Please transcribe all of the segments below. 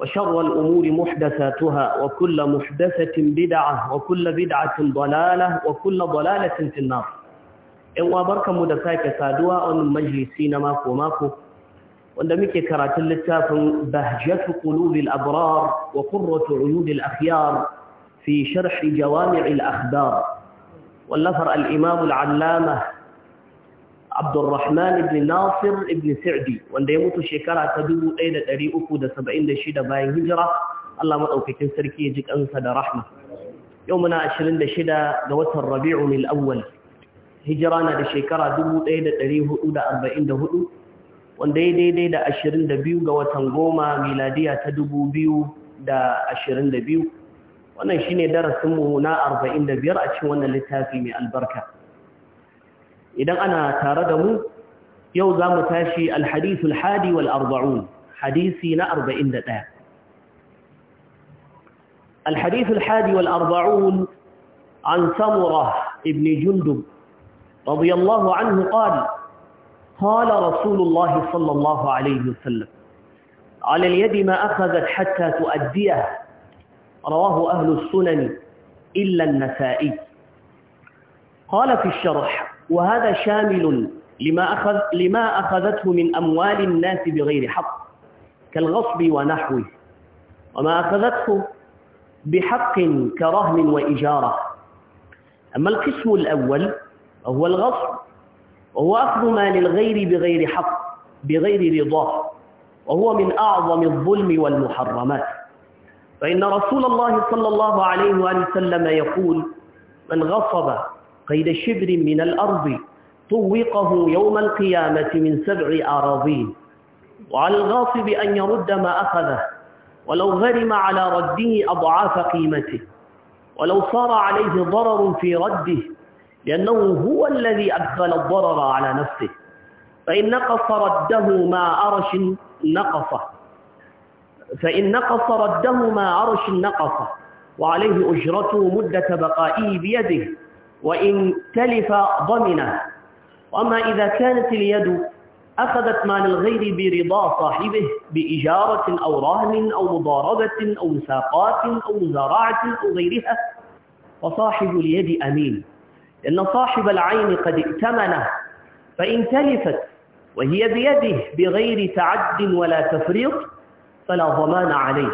وشر الأمور محدثاتها وكل محدثة بدعة وكل بدعة ضلالة وكل ضلالة في النار إنوا بركة مدفاك سادوا أن مجلسين ماكو ماكو وندمك كرات اللتاف بهجة قلوب الأبرار وقرة عيون الأخيار في شرح جوامع الأخبار واللفر الإمام العلامة Abdurrahman ibn Nasir ibn Sa'di wanda ya mutu shekara ta 1376 bayan hijira Allah madaukakin sarki ya ji kansa da rahma yau muna 26 ga watan Rabi'ul Awwal hijira na da shekara 1444 wanda ya daidai da 22 ga watan goma miladiya ta 2022 wannan shine darasinmu na biyar a cin wannan littafi mai albarka idan ana tare da mu yau za mu tashi alhadithul hadi wal arba'un hadisi na 41 da ɗaya alhadithul hadi wal arba'un an samura ibn jundub radiyallahu anhu qala قال رسول الله صلى الله عليه وسلم على اليد ما أخذت حتى تؤديه رواه أهل السنن إلا النسائي قال في الشرح وهذا شامل لما, أخذ لما أخذته من أموال الناس بغير حق كالغصب ونحوه وما أخذته بحق كرهن وإجارة أما القسم الأول وهو الغصب وهو أخذ مال الغير بغير حق بغير رضاه وهو من أعظم الظلم والمحرمات فإن رسول الله صلى الله عليه وآله وسلم يقول من غصب قيد شبر من الأرض طوقه يوم القيامة من سبع أراضين وعلى الغاصب أن يرد ما أخذه ولو غرم على رده أضعاف قيمته ولو صار عليه ضرر في رده لأنه هو الذي أدخل الضرر على نفسه فإن نقص رده ما أرش نقصه فإن نقص رده ما أرش نقصه وعليه أجرته مدة بقائه بيده وإن تلف ضمنه وأما إذا كانت اليد أخذت مال الغير برضا صاحبه بإجارة أو رهن أو مضاربة أو مساقات أو مزارعة أو غيرها فصاحب اليد أمين لأن صاحب العين قد ائتمنه فإن تلفت وهي بيده بغير تعد ولا تفريط فلا ضمان عليه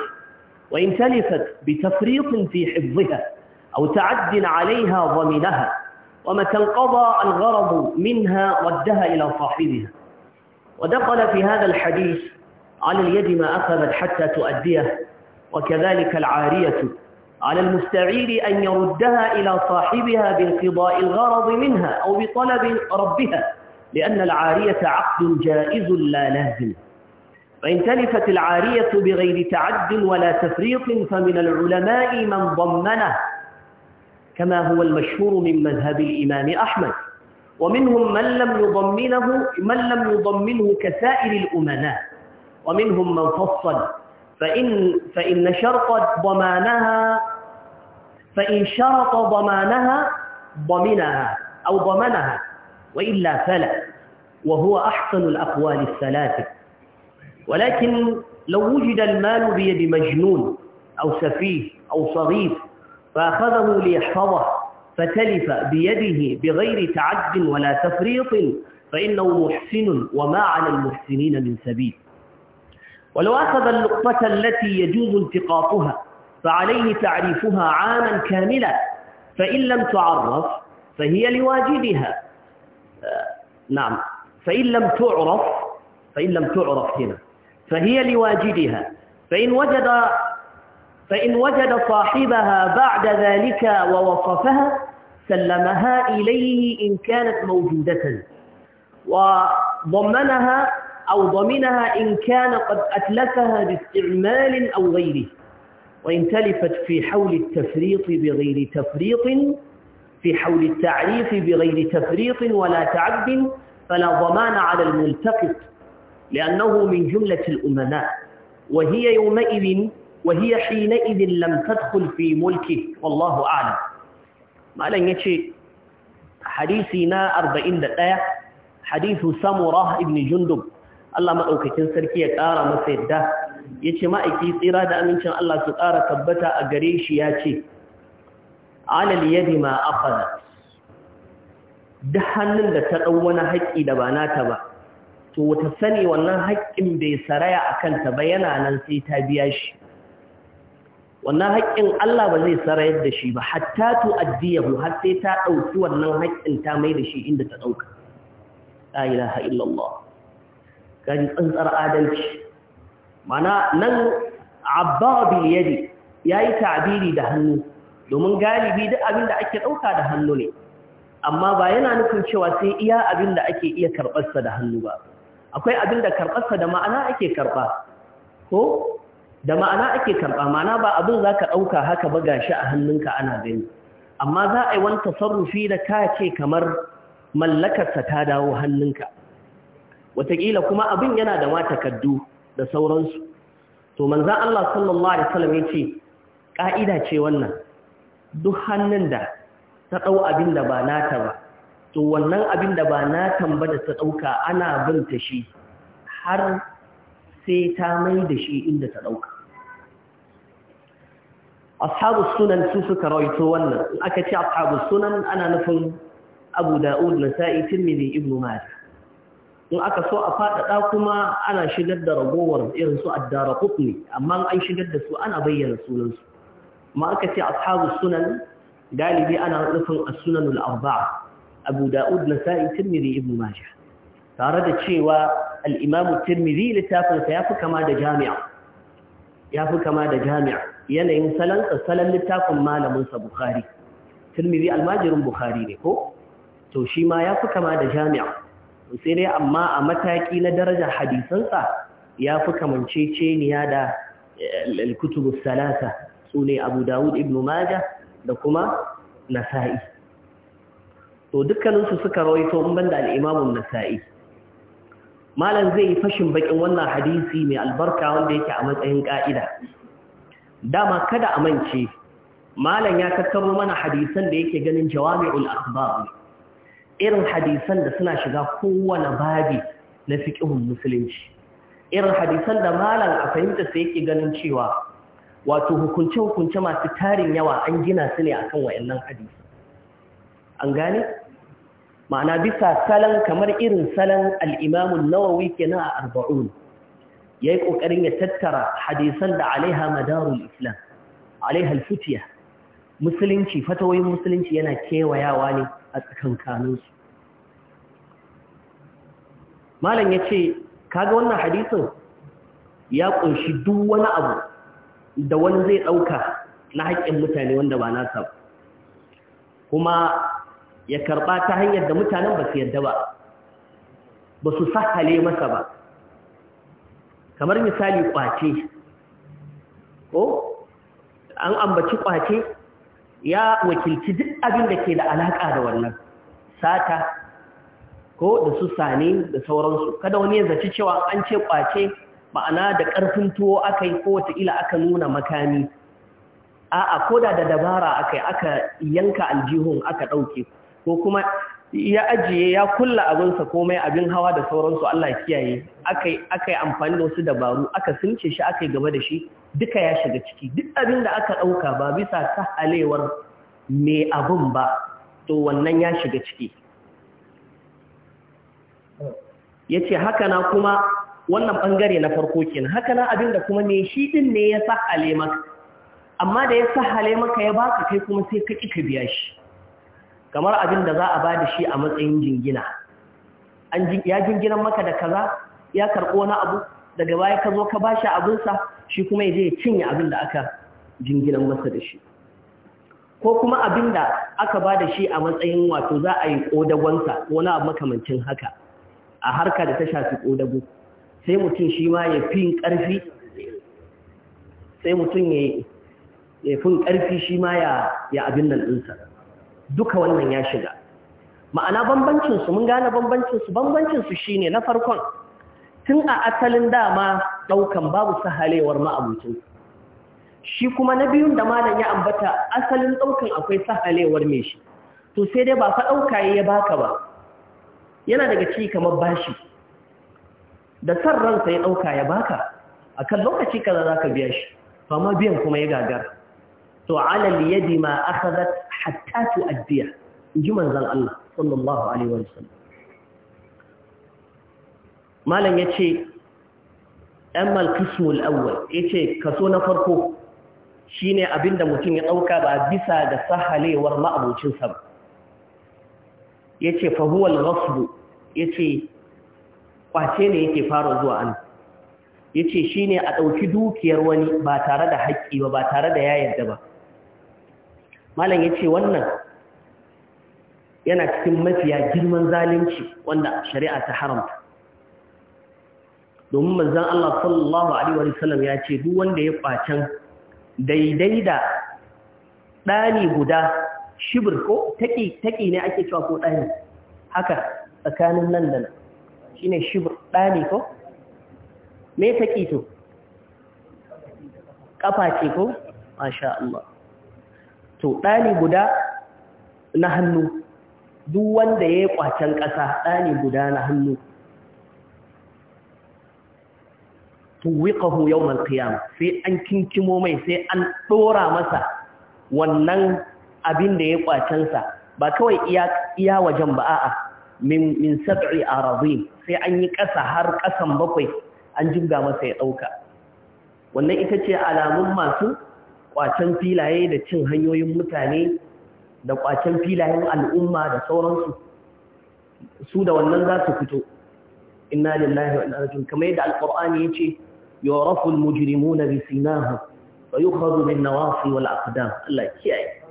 وإن تلفت بتفريط في حفظها أو تعد عليها ضمنها ومتى انقضى الغرض منها ردها إلى صاحبها ودخل في هذا الحديث على اليد ما أخذت حتى تؤديه وكذلك العارية على المستعير أن يردها إلى صاحبها بانقضاء الغرض منها أو بطلب ربها لأن العارية عقد جائز لا لازم فإن تلفت العارية بغير تعد ولا تفريط فمن العلماء من ضمنه كما هو المشهور من مذهب الإمام أحمد ومنهم من لم يضمنه من لم يضمنه كسائر الأمناء ومنهم من فصل فإن فإن شرط ضمانها فإن شرط ضمانها ضمنها أو ضمنها وإلا فلا وهو أحسن الأقوال الثلاثة ولكن لو وجد المال بيد مجنون أو سفيه أو صغير فأخذه ليحفظه فتلف بيده بغير تعد ولا تفريط فإنه محسن وما على المحسنين من سبيل ولو أخذ اللقطة التي يجوز التقاطها فعليه تعريفها عاما كاملا فإن لم تعرف فهي لواجبها آه، نعم فإن لم تعرف فإن لم تعرف هنا فهي لواجبها فإن وجد فإن وجد صاحبها بعد ذلك ووصفها سلمها إليه إن كانت موجودة وضمنها أو ضمنها إن كان قد أتلفها باستعمال أو غيره وإن تلفت في حول التفريط بغير تفريط في حول التعريف بغير تفريط ولا تعب فلا ضمان على الملتقط لأنه من جملة الأمناء وهي يومئذ وهي حينئذ لم تدخل في ملكه والله أعلم hadisi na arba'in da أربعين دقاء حديث سمرة ابن جندب Allah maɗaukacin sarki ya ƙara masa yadda ya ce ma'aiki tsira da amincin Allah su ƙara tabbata a gare shi ya ce, Alal yadi ma afada, duk hannun da ta ɗau wani haƙƙi da ba nata ba, to wata sani wannan haƙƙin bai saraya a kanta ba yana nan sai ta biya shi. wannan haƙƙin Allah ba zai sarayar da shi ba hatta tu addiyahu har sai ta ɗauki wannan haƙƙin ta mai da shi inda ta ɗauka la ilaha illallah kaji tsantsar adalci mana nan abba bil yadi yayi ta'biri da hannu domin galibi duk abin da ake ɗauka da hannu ne amma ba yana nufin cewa sai iya abin da ake iya karɓarsa da hannu ba akwai abin da karɓarsa da ma'ana ake karɓa ko da ma'ana ake karɓa mana ba abin za ka ɗauka haka ba gashi a hannunka ana gani amma za a yi wani tasarrufi da ka ce kamar mallakarsa ta dawo hannunka wataƙila kuma abin yana da ma da sauransu to manza Allah sallallahu alaihi wasallam ya ce ƙa'ida ce wannan duk hannun da ta ɗau abin da ba nata ba to wannan abin da ba natan ba da ta ɗauka ana binta shi har sai ta mai da shi inda ta ɗauka ashabu sunan su suka rawaito wannan aka ce ashabu sunan ana nufin abu da'ud nasa'i tirmidhi ibnu majah in aka so a faɗaɗa kuma ana shigar da ragowar irin su addara kutni amma an shigar da su ana bayyana sunansu ma aka ce ashabu sunan galibi ana nufin as-sunanul arba'a abu da'ud nasa'i tirmidhi ibnu majah tare da cewa al'imamu tirmidhi littafinsa ya fi kama da jami'a ya fi kama da jami'a yanayin salansa salon littafin malaminsa bukhari tirmidhi almajirin bukhari ne ko to shi ma ya fi kama da jami'a sai dai amma a mataki na darajar hadisansa ya fi kamanceceniya da alkutubu salasa su ne abu dawud ibn Maja da kuma nasa'i to dukkaninsu suka rawaito in banda al'imamun nasa'i malam zai yi fashin bakin wannan hadisi mai albarka wanda yake a matsayin ka'ida dama kada a mance malam ya kakkaro mana hadisan da yake ganin jawami'ul akhbar irin hadisan da suna shiga kowane babi na fiqhun musulunci irin hadisan da malam a fahimta sai yake ganin cewa wato hukunce hukunce masu tarin yawa an gina su ne akan wayannan hadisi an gane ma'ana bisa salon kamar irin salon al'imamun nawawi ke a arba'un ya yi ƙoƙarin ya tattara hadisan da alaiha madarul islam alaiha alfitiya musulunci fatawoyin musulunci yana kewayawa ne a tsakankaninsu malam ya ce kaga wannan hadisin ya ƙunshi duk wani abu da wani zai ɗauka na haƙƙin mutane wanda ba nasa kuma ya karɓa ta hanyar da mutanen ba su yadda ba ba su sahale masa ba kamar misali kwace ko an ambaci kwace ya wakilci duk abin da ke da alaƙa da wannan sata ko da su Sani da sauransu kada wani ya zaci cewa an ce kwace ma'ana da ƙarfin tuwo aka yi ko wataƙila aka nuna makami a'a koda da dabara aka yi aka yanka aljihun aka ɗauke ku ko kuma ya ajiye ya kulla abinsa komai abin hawa da sauransu Allah kiyaye aka yi amfani da wasu dabaru aka since shi aka yi gaba da shi duka ya shiga ciki duk abin da aka ɗauka ba bisa sahalewar halewar mai abin ba to wannan ya shiga ciki ya ce hakana kuma wannan ɓangare na farko kenan hakana abin da kuma mai shi ɗin ne ya sahale maka amma da ya sahale maka ya baka kai kuma sai ka ƙi ka biya shi kamar abin da za a ba da shi a matsayin jingina ya jinginan maka da kaza ya karɓo na abu daga baya ka zo ka ba shi abinsa shi kuma ya je ya cinye abin da aka jinginan masa da shi ko kuma abin da aka ba da shi a matsayin wato za a yi ƙodagonsa wani abu makamancin haka a harka da ta shafi ƙodago sai mutum shi ma ya fi ƙarfi sai mutum ya fin ƙarfi shi ma ya abin nan ɗinsa duka wannan ya shiga ma'ana bambancinsu mun gane bambancinsu bambancinsu shi ne na farkon tun a asalin dama ɗaukan babu sahalewar ma'abucin shi kuma na biyun da malam ya ambata asalin ɗaukan akwai sahalewar mai shi to sai dai ba fa ɗauka ya baka ba yana daga ci kamar bashi da san ransa ya ɗauka ya baka a kan lokaci kaza za ka biya shi fama biyan kuma ya gagar to alal yadi ma akhadhat hatta tu'addiya in ji manzon Allah sallallahu alaihi wa sallam malam yace amma al-qism awwal yace kaso na farko shine abinda mutum ya dauka ba bisa da sahalewar ma'abucin sa ba yace fa huwa al-ghasb yace kwace ne yake fara zuwa an yace shine a dauki dukiyar wani ba tare da haƙƙi ba ba tare da ya yarda ba malam ya ce wannan yana cikin mafiya girman zalunci wanda shari'a ta haramta domin manzan Allah sallallahu Alaihi wasallam ya ce duk wanda ya kwacen daidai da ɗani guda shibir ko taƙi ne ake cewa ko ɗani haka tsakanin nan da nan shi ne shibir ɗani ko? me taƙi to? ƙafa ce ko? Masha Allah to ɗani guda na hannu duk wanda ya yi ƙwacen ƙasa ɗani guda na hannu tuwiƙahu yau malkiyama sai an kinkimo mai sai an ɗora masa wannan abin da ya ƙwacensa ba kawai iya wajen ba a'a min sab'i a sai an yi ƙasa har ƙasan bakwai an jibga masa ya ɗauka wannan ita ce alamun masu kwacen filaye da cin hanyoyin mutane da ƙwacen filayen al'umma da sauransu su da wannan za su fito inna lillahi wa inna ilaihi kamar yadda alqur'ani yace yurafu almujrimuna bi sinaha wa yukhadhu min nawasi wal aqdam Allah kiyaye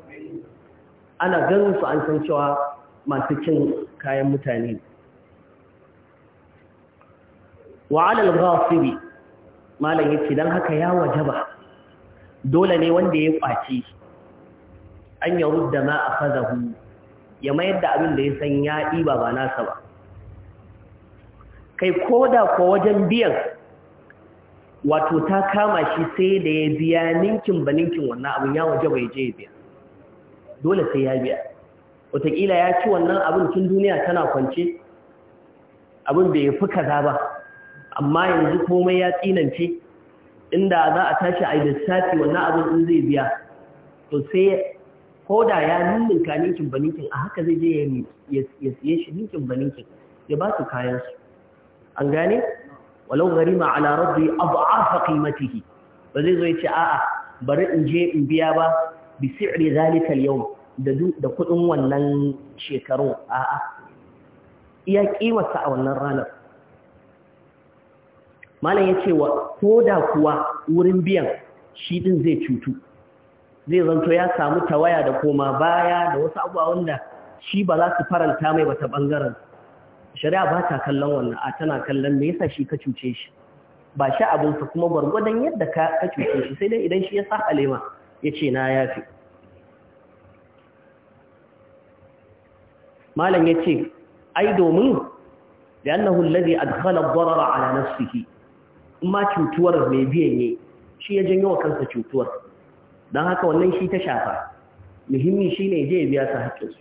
ana ganin su an san cewa masu cin kayan mutane wa ala alghasibi malam yace dan haka ya wajaba dole ne wanda ya kwace an ya rudda ma a fazahu ya mayar da abin da ya san ya ɗiba ba nasa ba kai ko da ko wajen biyan wato ta kama shi sai da ya biya ninkin ba ninkin wannan abin ya waje bai je ya biya dole sai ya biya wataƙila ya ci wannan abin tun duniya tana kwance abin bai fi kaza ba amma yanzu komai ya tsinance inda za a tashi a yi lissafi wannan abin in zai biya to sai ko da ya ninninka ninkin baninkin a haka zai je ya siye shi ninkin baninkin ya ba su kayansu an gane walau garima ala rabbi abu arfa matihi ba zai zo ya ce a'a bari in je in biya ba bi si'ri zalika yau da kuɗin kudin wannan shekaru a'a iya kimarsa a wannan ranar malam ya ce wa ko da kuwa wurin biyan shi din zai cutu zai zanto ya samu tawaya da koma baya da wasu abuwa wanda shi ba za su faranta mai bata bangaren shari'a ba ta kallon wannan a tana kallon me yasa shi ka cuce shi ba shi abinsa kuma gwargwadon yadda ka cuce shi sai dai idan shi ya sa alema ya ce na fi malam ya ce ai domin da annahu allazi adkhala ad a ala suke. ma cutuwar mai biyan ne shi ya janyo wa kansa cutuwar don haka wannan shi ta shafa muhimmi shi ne je biya su haƙƙinsu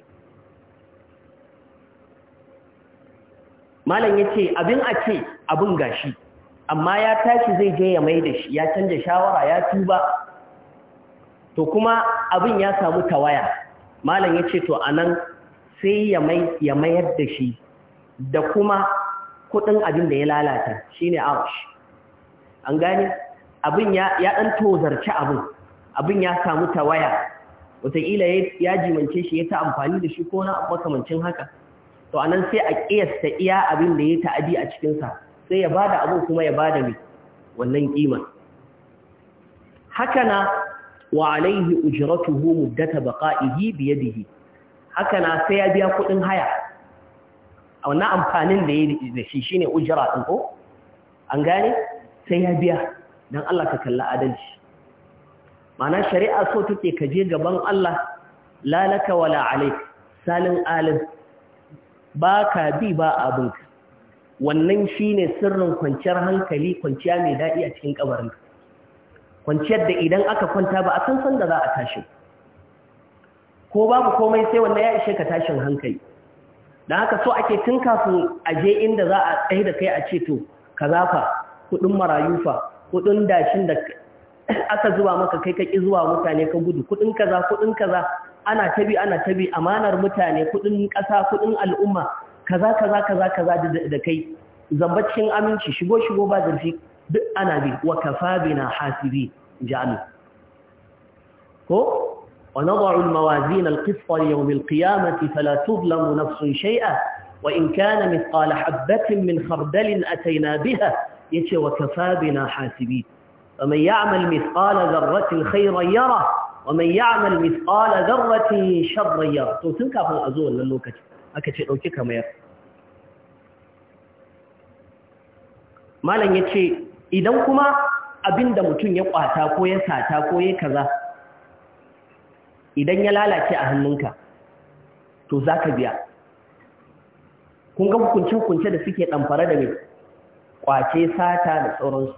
malam ya ce abin a ce abin gashi amma ya tashi zai je ya mai da shi ya canja shawara ya tuba to kuma abin ya samu tawaya malam ya ce to a nan sai ya mayar da shi da kuma kudin abin da ya lalata shi ne arsh an gane abin ya ɗan tozarci abin abin ya samu tawaya wataƙila ya jimance shi ya ta amfani da shi ko na makamancin haka to anan sai a ƙiyasta iya abin da ya ta'adi a cikinsa sai ya bada abin kuma ya bada mai wannan ƙima hakana wa alaihi ujratuhu muddata baqa'ihi bi yadihi hakana sai ya biya kuɗin haya a wannan amfanin da ya da shi shine ujra din ko an gane sai ya biya don Allah ka kalla adalci mana shari'a so take ka je gaban Allah lalaka wala alaik salin alim ba ka bi ba ka. wannan shine sirrin kwanciyar hankali kwanciya mai daɗi a cikin kabarin kwanciyar da idan aka kwanta ba a san san da za a tashi ko babu komai sai wannan ya ishe ka tashin hankali Da haka so ake tun kafin a je inda za a tsaye da kai a ce to ka zafa kudin marayufa kudin dashin da aka zuba maka kai kai zuwa mutane ka gudu kudin kaza kudin kaza ana tabi ana tabi amanar mutane kudin kasa kudin al'umma kaza kaza kaza kaza da kai zambacin aminci shigo shigo ba zurfi duk ana bi wa kafa bina hasibi jami ko ونضع الموازين القسط ليوم القيامة فلا تظلم نفس شيئا وإن كان مثقال حبة من خردل أتينا بها yace wa kafabina hasibi ya'mal mithqala dharratin khayran yara wa man ya'mal mithqala dharratin sharran yara to tun kafin a zo wannan lokaci aka ce dauki kamar malam yace idan kuma abinda mutum ya kwata ko ya sata ko ya kaza idan ya lalace a hannunka to zaka biya kun ga hukuncin hukunce da suke damfara da mai kwace sata da tsoronsu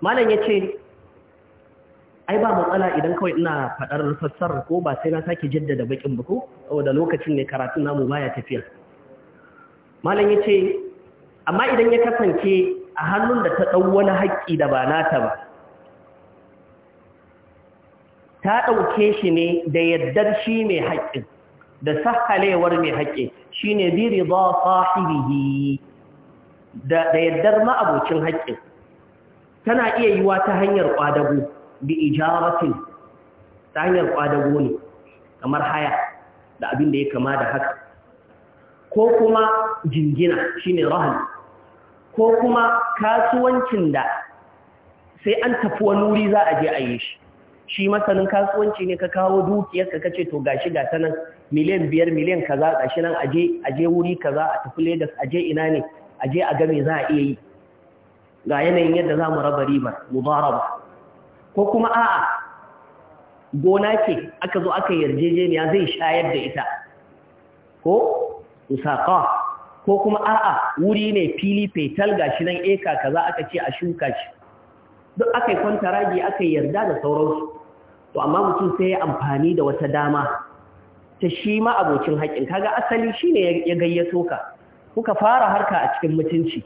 malam ya ce ai ba matsala idan kawai ina faɗar fassarar ko ba sai na sake jaddada bakin ba ko saboda lokacin ne karatun namu baya tafiya malam ya ce amma idan ya kasance a hannun da ta ɗau wani haƙƙi da ba nata ba ta ɗauke shi ne da yaddar shi mai haƙƙin da sahalewar mai shi shine bi ba sahibihi da yaddar ma'abocin haƙe tana iya yiwa ta hanyar ƙwadago bi ijaratin ta hanyar ƙwadago ne kamar haya da abin da ya kama da haka ko kuma jingina shine rahal ko kuma kasuwancin da sai an tafi wani wuri za a je a yi shi shi masanin kasuwanci ne ka kawo dukiyarka ka ce to gashi ga sanan miliyan biyar miliyan kaza gashi nan aje aje wuri kaza a tafi Lagos aje ina ne aje a ga me za a iya yi ga yanayin yadda za mu raba ribar mudaraba ko kuma a'a gona ce aka zo aka yarjejeniya zai shayar da ita ko usaka ko kuma a'a wuri ne fili fetal gashi nan eka kaza aka ce a shuka shi duk aka yi kwantaragi aka yi yarda da sauransu to amma mutum sai ya amfani da wata dama ta shi ma abokin haƙƙin kaga asali shi ne ya gayyato ka kuka fara harka a cikin mutunci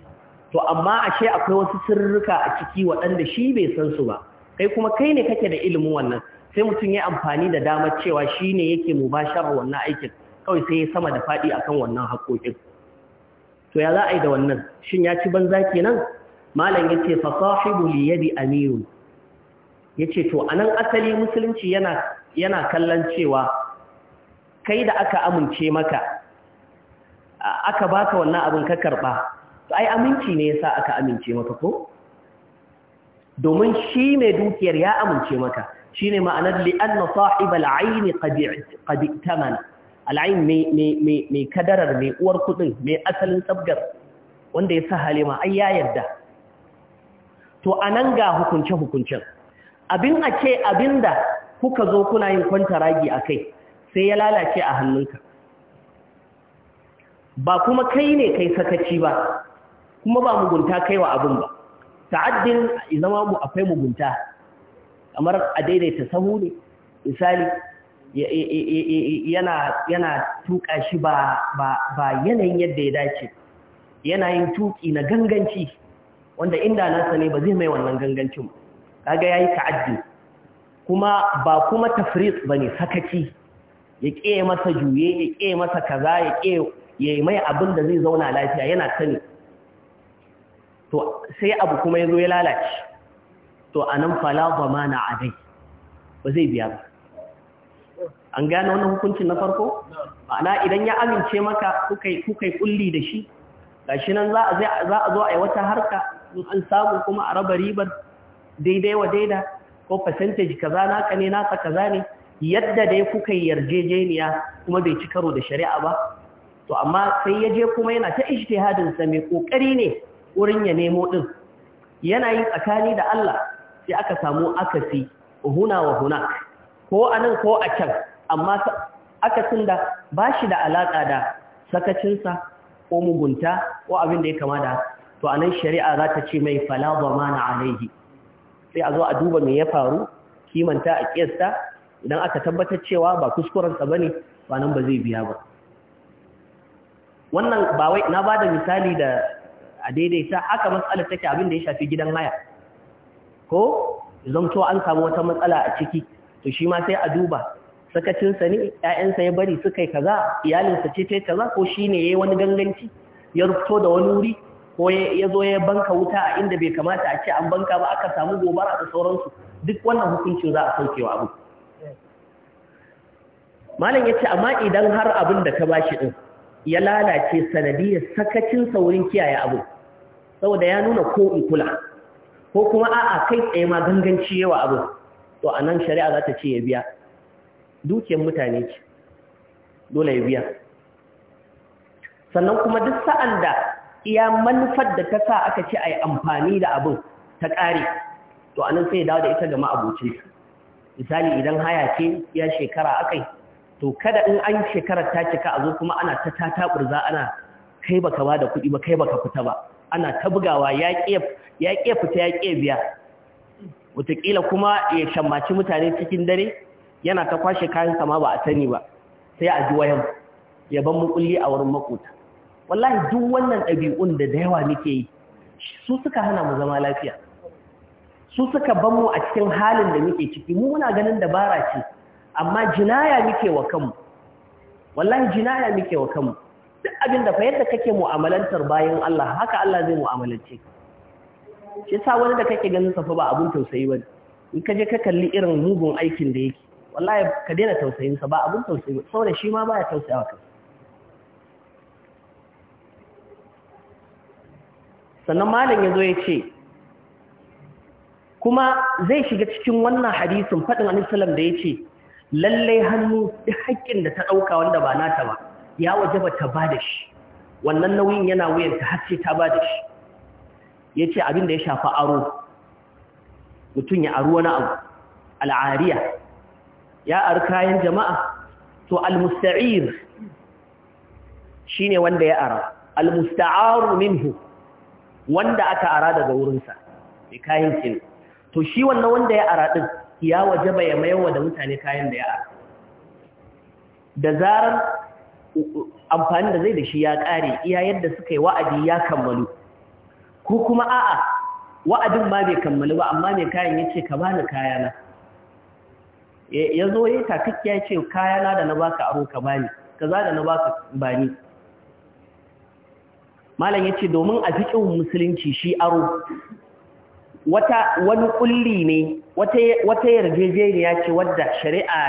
to amma ashe akwai wasu sirrika a ciki waɗanda shi bai san su ba kai kuma kai ne kake da ilimin wannan sai mutum ya amfani da damar cewa shi ne yake mubasharar wannan aikin kawai sai ya sama da faɗi akan wannan haƙoƙin to ya za a yi da wannan shin ya ci banza kenan malam yace fa sahibu li yadi amirun yace to anan asali musulunci yana yana kallon cewa kai da aka amince maka aka baka wannan abin ka karba to ai aminci ne yasa aka amince maka ko domin shi mai dukiyar ya amince maka shine ma'anar li anna al ayn qad tamana al-ayn mai kadarar mai uwar kudin mai asalin tsabgar wanda yasa halima ai ya yarda to a nan ga hukunce hukuncen abin a ce abin da kuka zo kuna yin kwanta ragi a kai sai ya lalace a hannunka ba kuma kai ne kai sakaci ba kuma ba mugunta kai wa abin ba ta'addin zama mu akwai mugunta kamar a daidaita sahu ne misali yana tuka shi ba yanayin yadda ya dace yana yin tuki na ganganci wanda inda nasa ne ba zai mai wannan gangancin kaga yayi ta'addi kuma ba kuma tafriq bane sakaci ya ƙe masa juye ya ƙe masa kaza ya ƙe ya mai abin da zai zauna lafiya yana sani to sai abu kuma ya ya lalace to a nan fala ba ma na adai ba zai biya ba an gane wannan hukuncin na farko ma'ana idan ya amince maka kuka yi kulli da shi gashi nan za a zo a yi wata harka in an samu kuma a raba ribar daidai wa daida ko percentage kaza naka ne nasa kaza ne yadda dai kuka yarjejeniya kuma bai ci karo da shari'a ba to amma sai ya je kuma yana ta ijtihadin sa mai kokari ne wurin ya nemo din yana yi tsakani da Allah sai aka samu akasi huna wa huna, ko anan ko a can amma akasin da bashi da alaka da sakacinsa ko mugunta ko abin da ya kama da to anan shari'a za ta ce mai fala na alaihi sai a zo a duba mai ya faru kimanta a kiyasta idan aka tabbatar cewa ba kuskuren ba ne, ba nan ba zai biya ba wannan ba wai na bada misali da a daidaita haka matsalar take abin da ya shafi gidan haya ko zamto an samu wata matsala a ciki to shi ma sai a duba sakacinsa ne ‘ya'yansa ya bari suka yi kaza iyalinsa ce ta kaza ko shi ne ya yi wani ganganci ya rufto da wani wuri ko ya zo ya banka wuta a inda bai kamata a ce an banka ba aka samu gobara da sauransu duk wannan hukuncin za a saukewa abu malam ya ce amma idan har abin da ka bashi din ya lalace sanadiyar sakacin saurin kiyaye abu saboda ya nuna ko in kula ko kuma a'a kai tsaye ma ganganci yawa abu to a nan shari'a za ta ce ya biya dukiyar mutane ce dole ya biya sannan kuma duk sa'an da iya manufar da ta sa aka ce a yi amfani da abin ta ƙare to anan sai ya dawo da ita ga ma'abocin misali idan haya ce ya shekara akai to kada in an shekarar ta cika a zo kuma ana ta tataburza ana kai baka ba da kuɗi ba kai baka fita ba ana ta bugawa ya ƙe fita ya ƙe biya wataƙila kuma ya shammaci mutane cikin dare yana ta kwashe kayan sama ba a sani ba sai a ji wayan ya ban mukulli a wurin makota wallahi duk wannan ɗabi'un da da yawa muke yi su suka hana mu zama lafiya su suka ban mu a cikin halin da muke ciki mu muna ganin dabara ce amma jinaya muke wa kanmu wallahi jinaya muke wa kanmu duk abin da fa yadda kake mu'amalantar bayan Allah haka Allah zai mu'amalance ka shi sa wani da kake ganin sa fa ba abun tausayi bane in ka je ka kalli irin mugun aikin da yake wallahi ka daina tausayin sa ba abun tausayi saboda shi ma baya tausayawa kansa sannan malam ya zo ya ce kuma zai shiga cikin wannan hadisin faɗin anisalam da ya ce lallai hannu duk haƙƙin da ta ɗauka wanda ba nata ba ya waje ba ta ba da shi wannan nauyin yana wuyanta har sai ta ba da shi ya ce abin da ya shafa aro mutum ya aro wani abu al'ariya ya ar kayan jama'a to al-musta'ir shine wanda ya ara al-musta'aru minhu wanda aka ara daga wurinsa mai kayan kin to shi wannan wanda ya ara din ya waje ba ya mayarwa da mutane kayan da ya ara da zarar amfani da zai da shi ya kare iya yadda suka yi wa'adi ya kammalu ko kuma a'a wa'adin ba bai kammalu ba amma mai kayan yace ka bani kayana ya zo ya takakkiya ce kayana da na baka aro ka bani kaza da na baka ni. malam yace domin a fiqhin musulunci shi aro wata wani kulli ne wata wata yarjejeniya ce wadda shari'a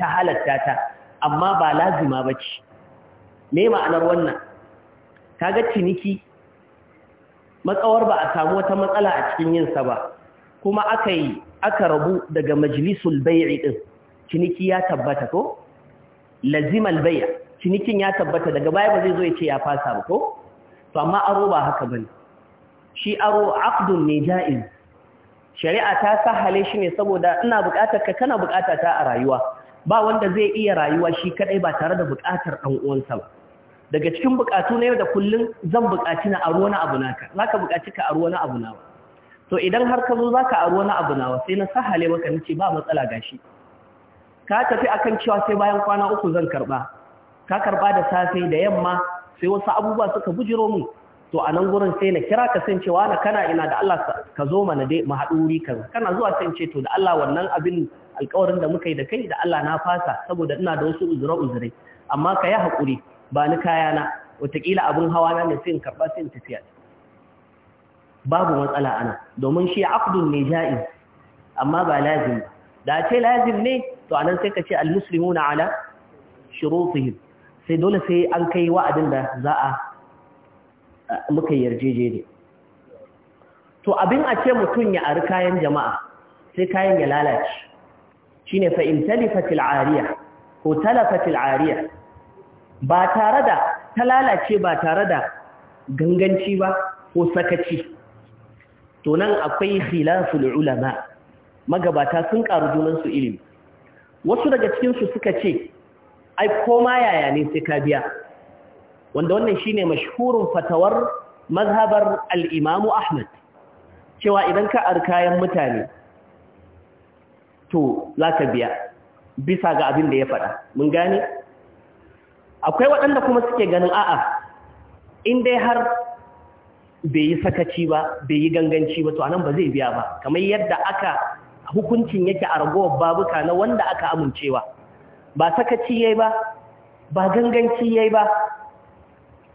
ta halatta ta amma ba lazima bace me ma'anar wannan kaga ciniki matsawar ba a samu wata matsala a cikin yin sa ba kuma aka aka rabu daga majlisul bai'i din ciniki ya tabbata ko lazimal bai'a cinikin ya tabbata daga baya ba zai zo ya ce ya fasa ba ko to amma aro ba haka bane shi aro aqdun ne ja'iz shari'a ta sahale shi ne saboda ina buƙatar ka kana buƙata ta a rayuwa ba wanda zai iya rayuwa shi kadai ba tare da buƙatar dan uwansa ba daga cikin buƙatu ne da kullun zan buƙaci na aro na abu naka zaka buƙaci ka aro na abu nawa to idan har ka zo zaka aro na abu nawa sai na sahale maka nace ba matsala gashi ka tafi akan cewa sai bayan kwana uku zan karba ka karba da safe da yamma sai wasu abubuwa suka bujiro mu to a nan gurin sai na kira ka san cewa na kana ina da Allah ka zo mana dai mu haɗu wuri kan kana zuwa san ce to da Allah wannan abin alƙawarin da muka yi da kai da Allah na fasa saboda ina da wasu uzure uzurai amma ka yi haƙuri ba ni kaya na wataƙila abin hawa na ne sai in karɓa sai in tafiya babu matsala ana domin shi aqdun ne ja'iz amma ba lazim da ce lazim ne to anan sai ka ce al-muslimuna ala shurutihim sai dole sai an kai wa'adin da za a muka ne. to abin a ce mutum ya ari kayan jama'a sai kayan ya lalace shine ne in talifatil ariya ko talafatil ariya ba tare da ta lalace ba tare da ganganci ba ko sakaci to nan akwai khilaful ulama magabata sun karu junansu ilimi wasu daga cikinsu suka ce ai koma yaya ne sai ka biya wanda wannan shine mashhurin fatawar mazhabar al-Imam Ahmad cewa idan ka arkayan mutane to zaka biya bisa ga abin da ya faɗa mun gane akwai waɗanda kuma suke ganin a'a in dai har bai yi sakaci ba bai yi ganganci ba to anan ba zai biya ba kamar yadda aka hukuncin yake a ragowar babuka na wanda aka amincewa ba sakaci yayi ba ba ganganci yayi ba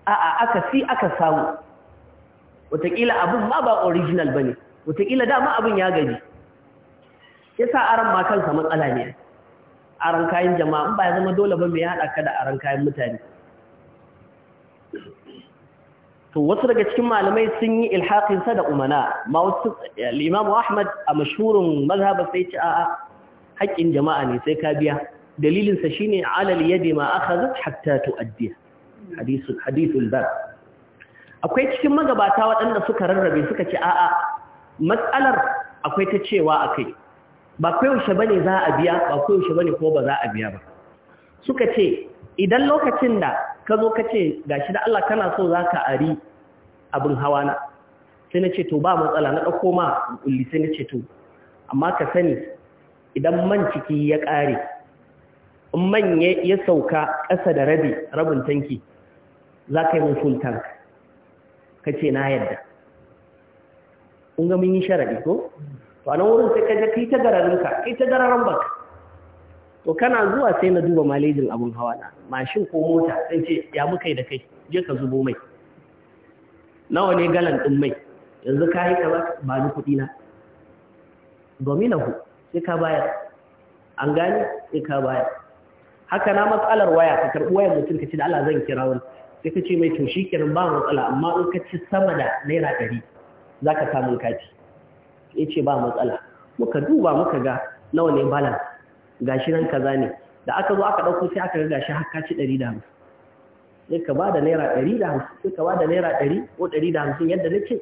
a'a aka si aka samu wataƙila abin ma ba original bane wataƙila dama abin ya gaji yasa aran ma kansa matsala ne aran kayan jama'a ba ya zama dole ba me ya haɗa ka da aran kayan mutane to wasu daga cikin malamai sun yi sa da umana ma wasu al-imam ahmad a mashhurin mazhabin sai ce a haƙƙin jama'a ne sai ka biya dalilinsa sa shine alal yadi ma aka hatta tuaddiya hadithul hadithul akwai cikin magabata waɗanda suka rarrabe suka ce a'a matsalar akwai ta cewa akai ba ba bane za a biya ba ba bane ko ba za a biya ba suka ce idan lokacin da ka zo ka ce gashi da Allah kana so za ka ari abin hawa na sai na ce to ba matsala na ɗauko ma kulli sai na ce to amma ka sani idan man ciki ya ƙare in ya sauka ƙasa da rabi rabin tanki za ka yi mun full tank ka ce na yadda kun ga mun yi sharaɗi ko Wani wurin sai ka je kai ta gararinka kai ta gararin bak? to kana zuwa sai na duba malejin abin hawa na mashin ko mota sai ce ya muka yi da kai je ka zubo mai nawa ne galan ɗin mai yanzu ka yi kaza ba ni kuɗi na domina na sai ka bayar an gani sai ka bayar haka na matsalar waya ka karɓi wayar mutum ka ce da Allah zan kira wani sai ka ce mai to shi kenan ba matsala amma in ka ci sama da naira ɗari za ka samu kati ya ce ba matsala muka duba muka ga nawa ne balan gashi nan kaza ne da aka zo aka ɗauko sai aka ga gashi har kaci ɗari da hamsin sai ka ba da naira ɗari da hamsin sai ka ba da naira ɗari ko ɗari da hamsin yadda na ce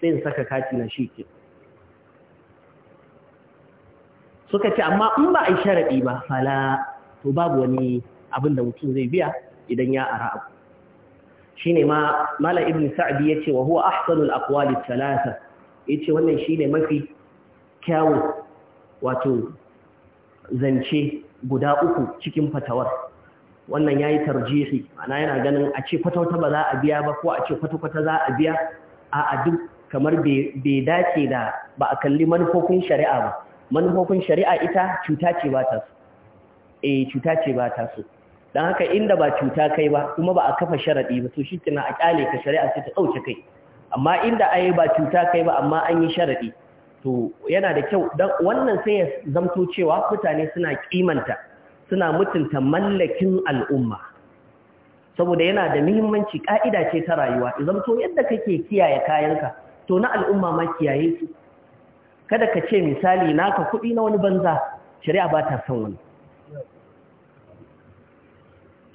sai in saka kati na shi ke suka ce amma in ba a yi sharaɗi ba fala to babu wani abin da mutum zai biya idan ya ara abu Shi ne ma mala ibn ya ce wa huwa ahsanul aqwali thalatha ce wannan shi ne mafi kyawu wato zance guda uku cikin fatawar wannan ya yi tarjihi ana yana ganin a ce kwata-kwata ba za a biya ba ko a ce kwata-kwata za a biya A'a a duk kamar bai dace da ba a kalli manufofin shari'a ba manufofin shari'a ita cuta ce ba ta su eh cuta ce ba ta so dan haka inda ba cuta kai ba kuma ba a kafa sharaɗi ba to shi kina a kyale ka shari'a ce ta dauke kai amma inda ai ba cuta kai ba amma an yi sharaɗi, to yana da kyau dan wannan sai ya zamto cewa mutane suna kimanta suna mutunta mallakin al'umma saboda yana da muhimmanci ka'ida ce ta rayuwa zamto yadda kake kiyaye kayanka to na al'umma ma kiyaye su kada ka ce misali naka kuɗi na wani banza shari'a ba ta son wani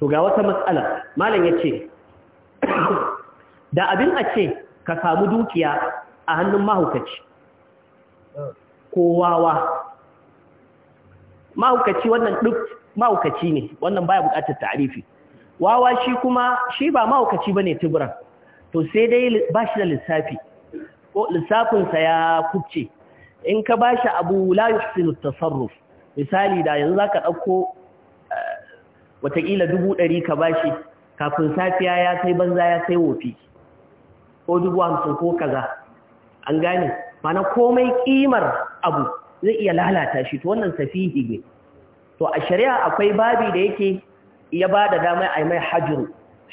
to ga wata matsala malam yace da abin a ce ka samu dukiya a hannun mahaukaci ko wawa mahaukaci wannan duk mahaukaci ne wannan baya bukatar tarifi wawa shi kuma shi ba mahaukaci bane tibran to sai dai ba shi da lissafi ko sa ya kubce in ka ba shi abu la yuhsinu tasarruf misali da yanzu zaka dauko wataƙila dubu ɗari ka bashi kafin safiya ya sai banza ya sai wofi ko dubu hamsin ko kaza an gane mana komai ƙimar abu zai iya lalata shi to wannan safihi ne to a shari'a akwai babi da yake ya ba da damar a mai hajjuru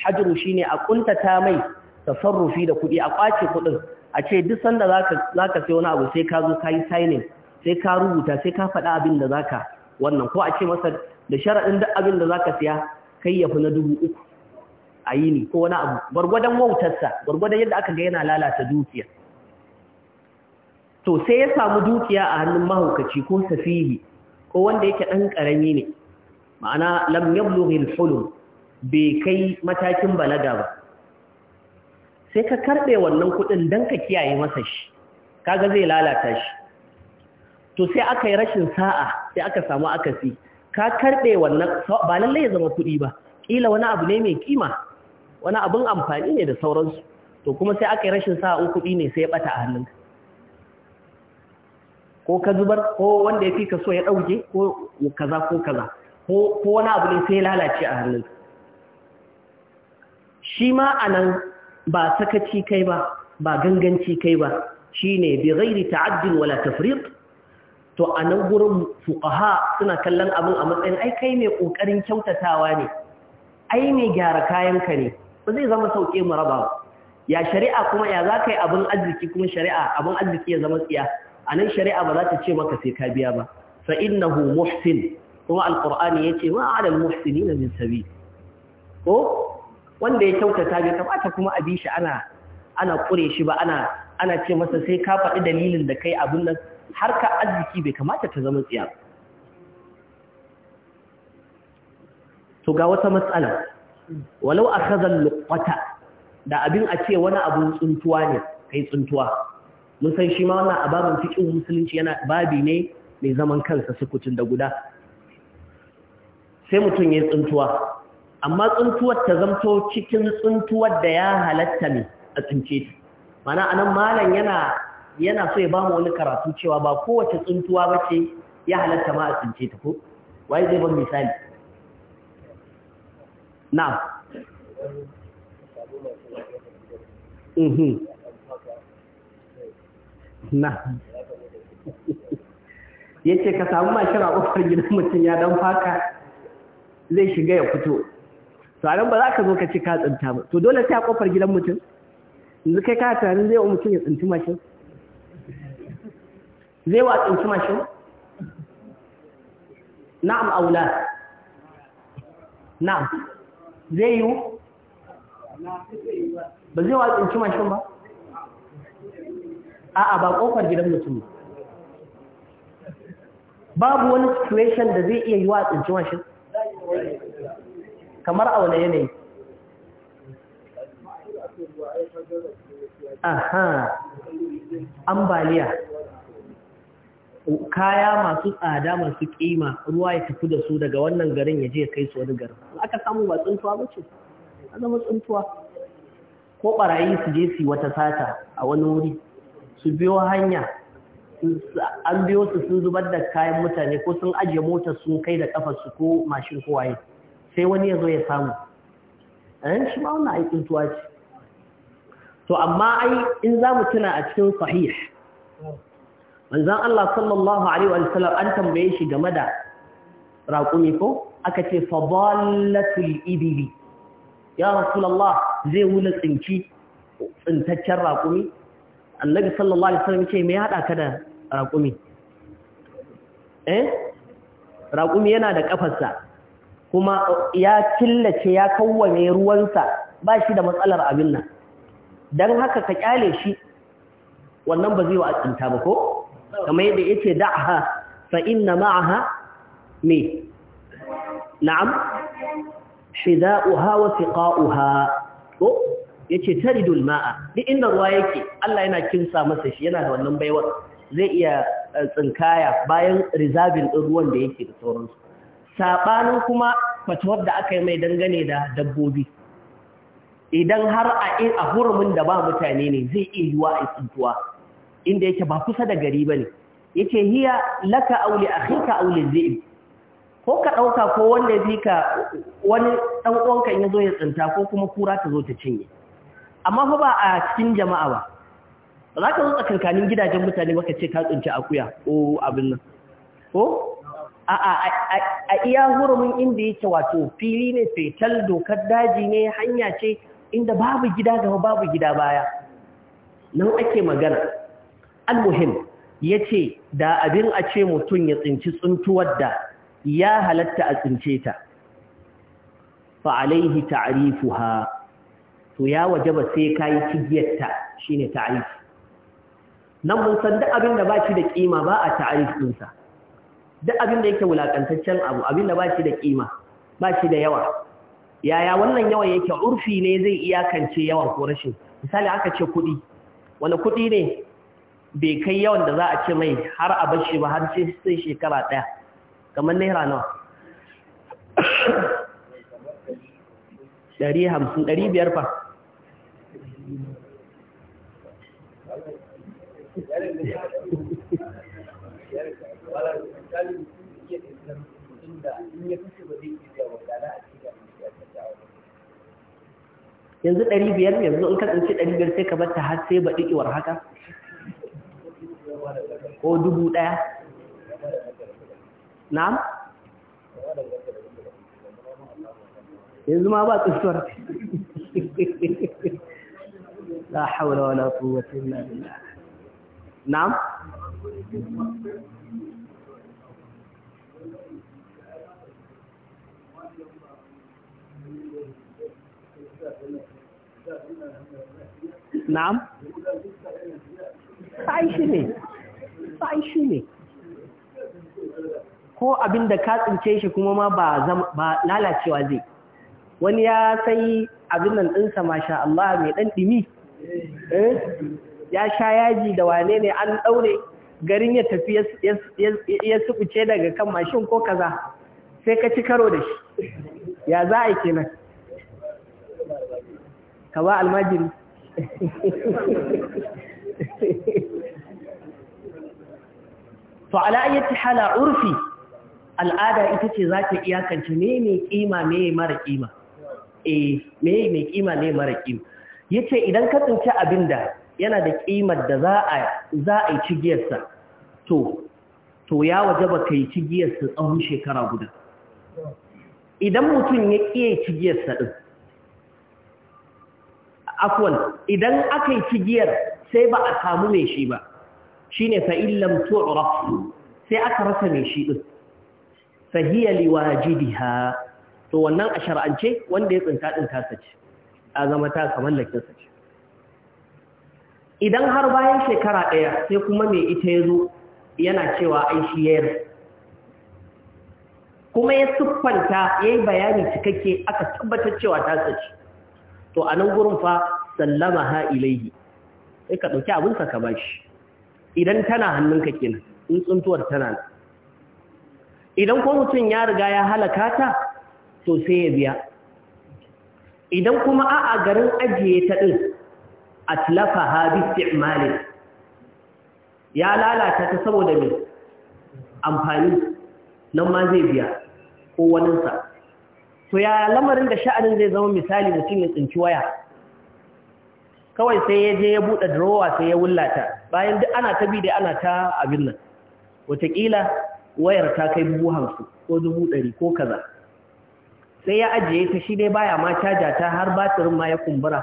hajjuru shi ne a ƙuntata mai tasarrufi da kuɗi a ƙwace kuɗin a ce duk sanda za ka sai wani abu sai ka zo ka yi signing sai ka rubuta sai ka faɗa abin da za ka wannan ko a ce masa da sharaɗin duk abin da za ka siya kai ya fi na dubu uku a yi ne ko wani abu gwargwadon wautarsa gwargwadon yadda aka ga yana lalata dukiya to sai ya samu dukiya a hannun mahaukaci ko safihi ko wanda yake ɗan ƙarami ne ma'ana lam yablughil hulum bai kai matakin balaga ba sai ka karɓe wannan kuɗin don ka kiyaye masa shi kaga zai lalata shi to sai aka yi rashin sa'a sai aka samu akasi ka karɓe wannan ba lallai ya zama kuɗi ba ƙila wani abu ne mai kima wani abin amfani ne da sauransu to kuma sai aka yi rashin sa'a'un kuɗi ne sai ya ɓata a hannunka ko ka zubar ko wanda ya fi ka so ya ɗauke ko kaza ko kaza ko wani abu ne sai ya lalace a hannun. shi ma a nan ba sakaci kai ba ba ganganci kai ba shi ne bi gairi ta'addin wala tafriq to a nan gurin fuqaha suna kallon abin a matsayin ai kai mai kokarin kyautatawa ne ai mai gyara ka ne ba zai zama sauke mu raba ya shari'a kuma ya za ka yi abin arziki kuma shari'a abin arziki ya zama tsiya a nan shari'a ba za ta ce maka sai ka biya ba fa innahu muhsin kuma alqur'ani yace ma ala almuhsinina min sabi ko wanda ya kyautata bai bata kuma a bi shi ana ana kure shi ba ana ana ce masa sai ka faɗi dalilin da kai abin nan harka arziki bai kamata ta zama tsiya to ga wata matsala walau akhadha al-luqata da abin a ce wani abun tsuntuwa ne kai tsuntuwa mun san shi ma wannan ababin fikin musulunci yana babi ne mai zaman kansa sukutun da guda sai mutum ya tsuntuwa amma tsuntuwar ta zamto cikin tsuntuwar da ya halatta ne a tsince ta mana anan malam yana yana so ya mu wani karatu cewa ba kowace tsuntuwa ce, ya halatta ma a tsince ta ko wai zai ban misali Na. mhm Ya yace ka samu mashin a kofar gidan mutum ya dan faka zai shiga ya fito to a nan ba za ka zo ka ci ka tsinta ba to dole sai a kofar gidan mutum yanzu kai ka tunanin zai wa mutum ya tsinci mashin zai watsinci mashin na'am aula na'am zai yi ba zai watsinci mashin ba a'a ba kofar gidan mutum babu wani situation da zai iya yi watsinci mashin kamar a wani yanayi aha ambaliya kaya masu tsada masu kima ruwa ya tafi da su daga wannan garin ya je kai su wani garin aka samu ba tsuntuwa ba ce a zama tsuntuwa ko barayi su je su wata sata a wani wuri su biyo hanya an biyo su sun zubar da kayan mutane ko sun ajiye motar sun kai da kafa su ko mashin ko waye sai wani ya zo ya samu ɗan shi ma wannan ai tsuntuwa ce to amma ai in za mu tuna a cikin sahih manzan Allah sallallahu alaihi wa sallam an tambaye shi game da raƙumi ko aka ce fadallatul ibili ya rasulullah zai wula tsinci tsintaccen raƙumi annabi sallallahu alaihi wasallam ce me ya hada ka da raƙumi eh raƙumi yana da kafarsa kuma ya killace ya kawwame ruwansa ba shi da matsalar abin nan dan haka ka kyale shi wannan ba zai wa tsinta ba ko kamar yadda ce da'aha fa'in na ma'aha me na'am shida'uha wa thiqa'uha ko yace taridul ma'a duk inda ruwa yake Allah yana kinsa masa shi yana da wannan baiwar zai iya eh, tsinkaya bayan rizabin ɗin ruwan da yake da sauransu Saɓanin kuma fatuwar da aka yi mai dangane da dabbobi idan har a a hurumin da ba mutane ne zai iya yiwa a tsintuwa inda yake ba kusa da gari bane yace hiya laka auli akhika auli zib ko ka dauka ko wanda ya wani dan uwanka in yazo ya tsinta ko kuma kura ta zo ta cinye amma fa ba a cikin jama'a ba ba za ka zo tsakankanin gidajen mutane baka ce ka tsinci akuya ko abin nan ko a iya hurumin inda yake wato fili ne fetal dokar daji ne hanya ce inda babu gida gaba babu gida baya nan ake magana almuhim ya ce da abin a ce mutum ya tsinci tsuntuwar da ya halatta a tsince ta fa'alaihi ta'arifu ha to ya waje ba sai ka yi cigiyarta shi ne ta'arifu nan mun san duk abin da ba shi da ƙima ba a ta'arifu ɗinsa duk abin da yake wulaƙantaccen abu abin da ba shi da ƙima ba shi da yawa yaya wannan yawan yake urfi ne zai iyakance yawan ko rashin misali aka ce kuɗi wani kuɗi ne bai kai yawan da za a ce mai har a bashi ba har sai shekara ɗaya kamar naira nawa ɗari hamsin ɗari biyar fa yanzu ɗari biyar yanzu in ka tsinci ɗari biyar sai ka bata har sai ba ɗikiwar haka ko dubu daya na'am yanzu ma ba tsuwar la hawla wala quwwata illa billah na'am نعم ai ba ai shi ne ko abin da ka tsince shi kuma ma ba lalacewa zai wani ya sai abin nan ɗinsa masha Allah mai dan dimi eh? ya sha yaji da wane ne an ɗaure garin ya tafi ya subuce daga kan mashin ko kaza sai ka ci karo da shi ya za a yi kenan ka ba almajiri to ala ayyati hala urfi al'ada ita ce za ta iyakance me mai kima me mara kima eh me mai kima ne mara kima yace idan ka tsinci abin da, yana da ƙimar da za a za a yi cigiyarsa to to ya wajaba kai cigiyarsa tsawon shekara guda idan mutum ya kiyaye cigiyarsa din akwai idan aka yi cigiyar sai ba a samu mai shi ba shine ne illam tu’ura sai aka rasa mai shi din fa hiya diha. to wannan a shara'ance wanda ya tsinta din ta sace a zama ta kamar lakin sace idan har bayan shekara ɗaya sai kuma mai ita ya zo yana cewa ai shi yayar kuma ya siffanta yi bayani cikakke aka tabbatar cewa ta sace to a nan gurin fa sallama ha ilaihi sai ka ɗauki abinsa ka bashi idan tana hannunka kenan in tsuntuwar tana idan ko mutum ya riga ya halaka ta to sai ya biya idan kuma a a garin ajiye ta ɗin a tilafa habi ya lalata ta saboda me amfani nan ma zai biya ko sa to ya lamarin da sha'anin zai zama misali mutum ya tsinci waya kawai sai ya je ya buɗe durowa sai ya wullata bayan duk ana ta bi da ana ta abin nan wataƙila wayar ta kai dubu hamsin ko dubu ɗari ko kaza sai ya ajiye ta shi dai baya ma caja ta har batirin ma ya kumbura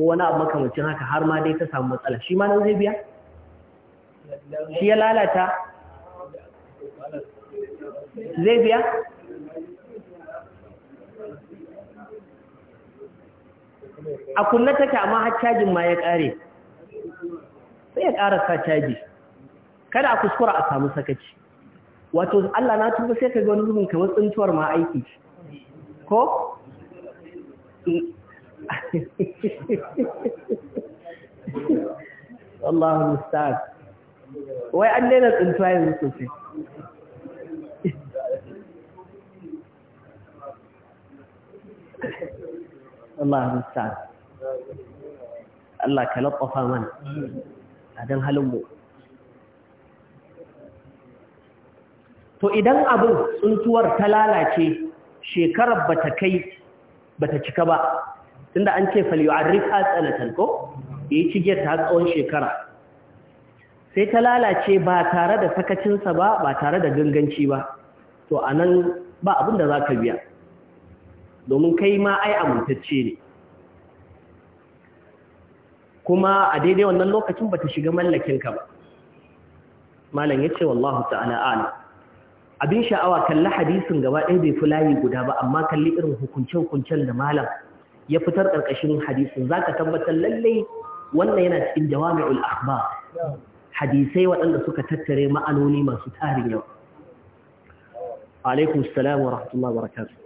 ko wani abu makamacin haka har ma dai ta samu matsala shi ma nan zai biya shi ya lalata zai biya a kunna take amma har cajin ma ya ƙare sai ya ƙara sa caji kada a kuskura a samu sakaci wato Allah na tuba sai ka ga wani rubin kamar tsintuwar ma aiki ko Allahu musta'an wai an daina tsintuwa yanzu sosai Allah musta'an Allah ka laƙafa mana a halin mu. to idan abin tsuntuwar ta lalace shekarar ba ta kai ba ta cika ba tunda an ce faliyarrik a tsanatan ko ya yi cigiyar ta tsawon shekara sai ta lalace ba tare da sakacinsa ba ba tare da ganganci ba to a nan ba abin da za ka biya domin kai ma ai amintacce ne kuma a daidai wannan lokacin bata shiga mallakinka ba malam ce wallahu ta'ala ala abin sha'awa kalli hadisin gaba ɗaya bai fi layi guda ba amma kalli irin hukunce-hukuncen da malam ya fitar ƙarƙashin hadisin za ka tabbatar lallai wannan yana cikin jawami'ul akhbar hadisai waɗanda suka tattare ma'anoni masu tarin yau alaikum salam wa rahmatullahi wa barakatuh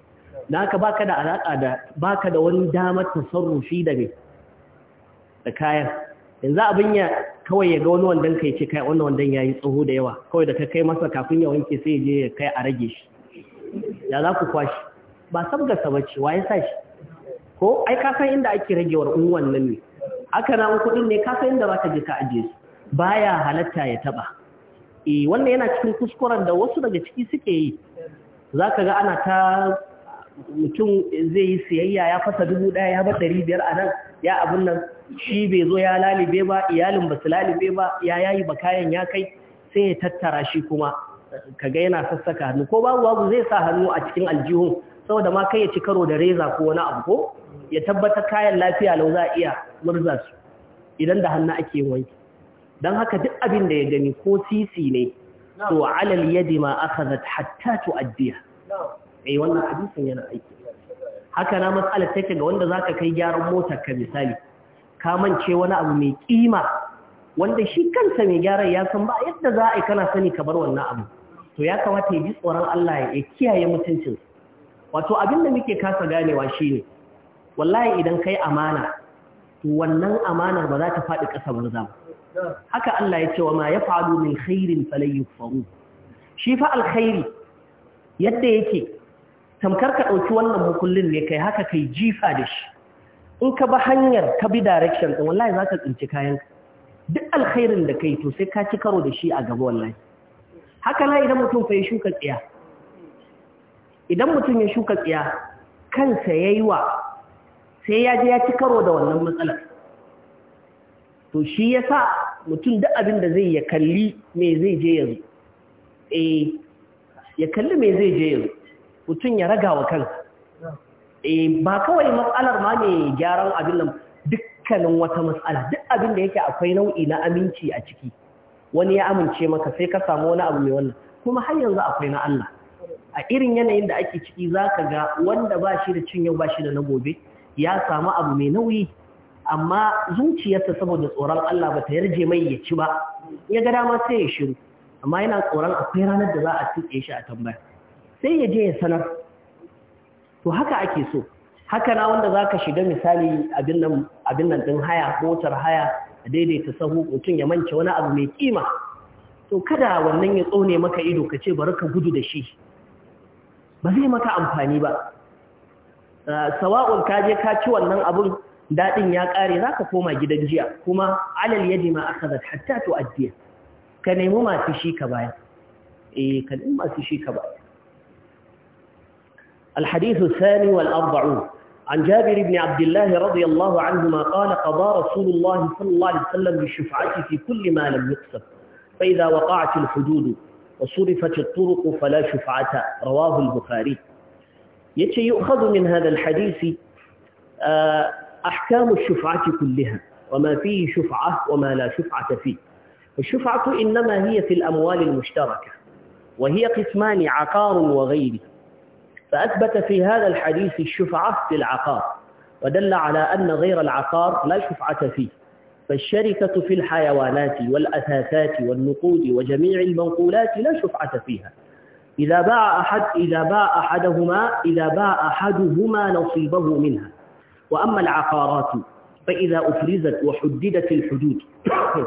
da haka baka da alaka da baka da wani damar tasarrufi da mai da kayan yanzu abin ya kawai ya ga wani wandan kai ce kai wannan wandan yayi tsoho da yawa kawai da ka kai masa kafin ya wanke sai je ya kai a rage shi ya za ku kwashi ba ga sabace wa ya sa shi ko ai ka san inda ake ragewar un wannan ne aka na kudin ne ka san inda za je ka ajiye su baya halatta ya taba eh wannan yana cikin kuskuren da wasu daga ciki suke yi zaka ga ana ta mutum zai yi siyayya ya fasa dubu ɗaya ya ba ɗari biyar a nan ya abin nan shi bai zo ya lalibe ba iyalin ba su lalibe ba ya yayi ba kayan ya kai sai ya tattara shi kuma kaga yana sassaka hannu ko babu babu zai sa hannu a cikin aljihun saboda ma kai ya ci karo da reza ko wani abu ko ya tabbatar kayan lafiya lau za a iya murza su idan da hannu ake wanki don haka duk abin da ya gani ko sisi ne to alal yadi ma akhadhat hatta tu'addiya ai eh, wannan hadisin yana aiki haka na matsalar take ga wanda zaka kai gyaran mota ka misali ka mance wani abu mai kima wanda shi kansa mai gyaran ya san ba yadda za a yi kana sani ka bar wannan abu to ya kamata ya ji tsoron Allah ya kiyaye mutuncin wato abin da muke kasa ganewa shine wallahi idan kai amana wannan amanar ba za ta faɗi ƙasa banza ba haka Allah ya ce wa ma yaf'alu min khairin falyufaru shi fa alkhairi yadda yake tamkar ka ɗauki wannan mukullin ne kai haka kai jifa da shi in ka ba hanyar ka bi direction ɗin wallahi za ka tsinci kayan duk alkhairin da kai to sai ka ci karo da shi a gaba wallahi haka na idan mutum fa ya shuka tsiya idan mutum ya shuka tsiya kansa ya yi wa sai ya je ya ci karo da wannan matsalar to shi ya sa mutum duk abin da zai ya kalli me zai je yanzu eh ya kalli me zai je yanzu mutum ya raga wa kansa eh, ba kawai matsalar ma ne gyaran abin nan dukkanin wata matsala duk abin da yake akwai nau'i na aminci a ciki wani ya amince maka sai ka samu wani abu mai wannan kuma har yanzu akwai na Allah a irin yanayin da ake ciki zaka ga wanda ba shi da cin yau ba shi da na gobe ya samu abu mai nauyi amma zuciyarsa saboda tsoron Allah ba ta yarje mai ya ci ba ya ga dama sai ya shiru amma yana tsoron akwai ranar da za a tuke shi a tambaya sai ya je ya sanar to haka ake so haka na wanda za ka shiga misali abin nan ɗin haya motar haya a daidaita sahu mutum ya mance wani abu mai kima to kada wannan ya tsone maka ido ka ce bari ka gudu da shi ba zai maka amfani ba sawa'un ka je ka ci wannan abun daɗin ya ƙare za ka koma gidan jiya kuma alal yadi ma aka zata hatta to ka nemi masu shi ka baya eh ka nemi masu shi ka baya الحديث الثاني والأربعون عن جابر بن عبد الله رضي الله عنهما قال قضى رسول الله صلى الله عليه وسلم بالشفعة في كل ما لم يكسب فإذا وقعت الحدود وصرفت الطرق فلا شفعة رواه البخاري يتي يؤخذ من هذا الحديث آه، أحكام الشفعة كلها وما فيه شفعة وما لا شفعة فيه الشفعة إنما هي في الأموال المشتركة وهي قسمان عقار وغيره فأثبت في هذا الحديث الشفعة في العقار ودل على أن غير العقار لا شفعة فيه فالشركة في الحيوانات والأثاثات والنقود وجميع المنقولات لا شفعة فيها إذا باع أحد إذا باع أحدهما إذا باع أحدهما نصيبه منها وأما العقارات فإذا أفرزت وحددت الحدود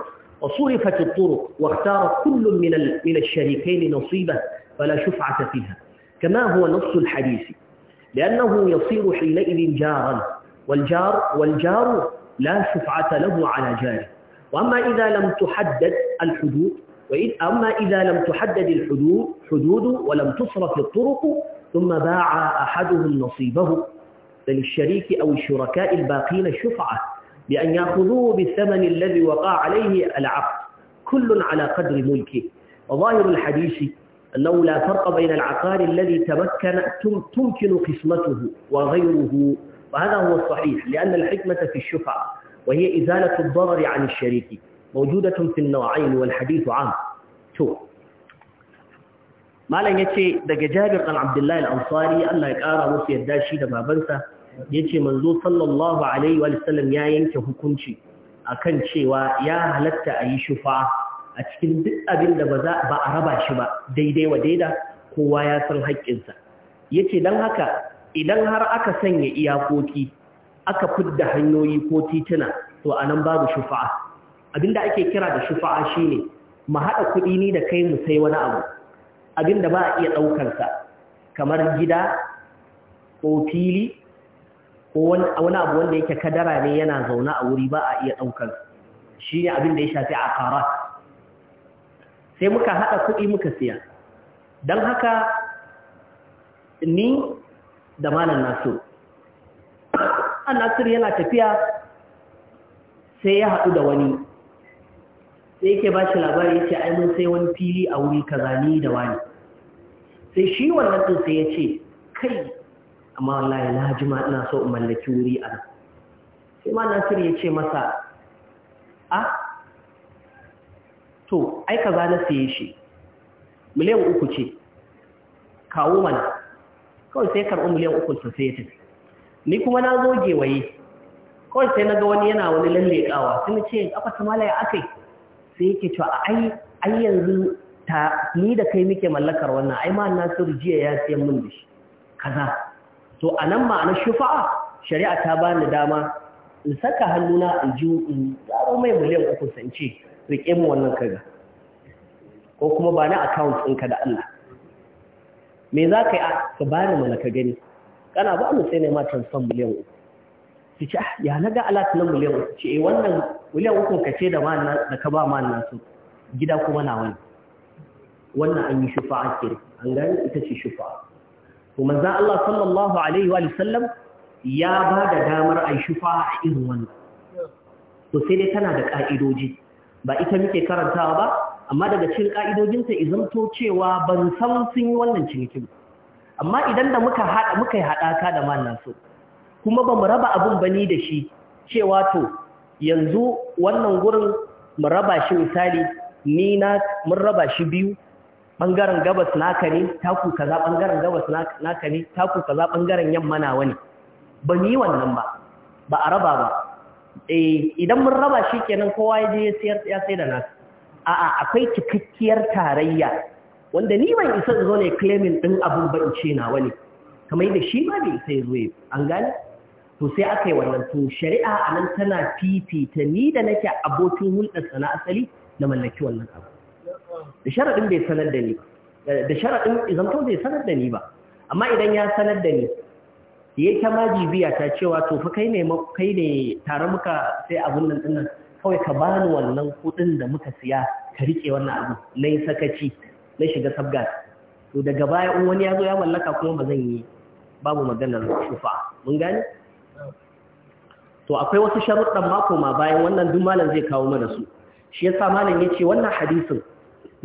وصرفت الطرق واختار كل من من الشريكين نصيبه فلا شفعة فيها كما هو نص الحديث لأنه يصير حينئذ جارا والجار والجار لا شفعة له على جاره وأما إذا لم تحدد الحدود أما إذا لم تحدد الحدود حدود ولم تصرف الطرق ثم باع أحدهم نصيبه فللشريك أو الشركاء الباقين شفعة بأن يأخذوه بالثمن الذي وقع عليه العقد كل على قدر ملكه وظاهر الحديث أنه لا فرق بين العقار الذي تمكن تمكن قسمته وغيره وهذا هو الصحيح لأن الحكمة في الشفعة وهي إزالة الضرر عن الشريك موجودة في النوعين والحديث عام شو malam yace daga Jabir bin Abdullah al-Ansari Allah ya ƙara musu yarda shi da babansa yace manzo sallallahu alaihi wa sallam ya yanke hukunci akan cewa ya halatta ayi shufa a cikin duk abin da ba a raba shi ba daidai wa daida kowa ya san haƙƙinsa Ya ce don haka idan har aka sanya iyakoki aka fudda hanyoyi ko tituna to a nan babu shufa'a Abin da ake kira da shufa'a shine mu haɗa kuɗi ni da kai mu sai wani abu Abin da ba a iya ɗaukarsa kamar gida ko fili ko wani abu wanda yake kadara ne yana zaune a wuri ba a iya ɗaukar shi ne abin da ya shafi a fara. sai muka haɗa kuɗi muka siya don haka ni da malam nasu an nasir yana tafiya sai ya haɗu da wani sai yake ba shi labari ya ce ai sai wani fili a wuri ka da wani sai shi wannan ɗin sai ya ce kai amma wallahi lahaji ma ina so in mallaki wuri a sai ma nasir ya ce masa a ah, to ai kaza na saye shi miliyan uku ce kawo mana kawai sai karɓi miliyan uku ta sai ya ni kuma na zo gewaye kawai sai na ga wani yana wani lalle lallekawa sun ce aka ta malaya akai sai yake cewa ai ai yanzu ta ni da kai muke mallakar wannan ai ma nasiru jiya ya siyan min da shi kaza to anan ma'ana shufa'a shari'a ta bani dama in saka hannuna in ji in zaro mai miliyan uku sance rike mu wannan kaga ko kuma ba na account ɗinka da Allah me za ka yi a ka bani mana ka gani kana ba mu sai ne ma transfer miliyan uku ki ce ah, ya na ga alat na miliyan uku ce eh, wannan miliyan uku ka ce da ma da ka ba ma nan su gida kuma na wani wannan an yi shufa'a ke an gani ita ce shufa'a kuma za Allah sallallahu alaihi wa sallam ya ba da damar a yi shufa'a a irin wannan to sai dai tana da ka'idoji ba ita muke karantawa ba amma daga cikin ka'idojinta izamto cewa ban san sun yi wannan cinikin amma idan da muka haɗa muka yi haɗaka da mallan su kuma ba mu raba abin ni da shi cewa to yanzu wannan gurin mu raba shi misali ni na mun raba shi biyu bangaren gabas naka ne taku kaza bangaren gabas naka ne taku kaza bangaren yamma na wani, ba ni wannan ba ba a raba ba Eh, idan mun raba shi kenan kowa ya je ya sayar ya sai da nasu a'a akwai cikakkiyar tarayya wanda ni ban isa zo ne claiming din abun ba in ce na wani. kamar da shi ma bai isa ya zo an gane to sai aka yi wannan to shari'a a nan tana ta ni da nake abokin hulɗar sana asali na mallaki wannan abu da sharaɗin bai sanar da ni ba da sharaɗin izanto bai sanar da ni ba amma idan ya sanar da ni ya ta ma jibiya ta cewa to fa kai ne tare muka sai abin nan dinnan kawai ka bani wannan kudin da muka siya ka rike wannan abu na yi sakaci na shiga sabga to daga baya in wani ya zo ya mallaka kuma ba zan yi babu maganar shufa mun gane to akwai wasu sharuɗan mako ma bayan wannan duk malam zai kawo mana su shi yasa malam ce wannan hadisin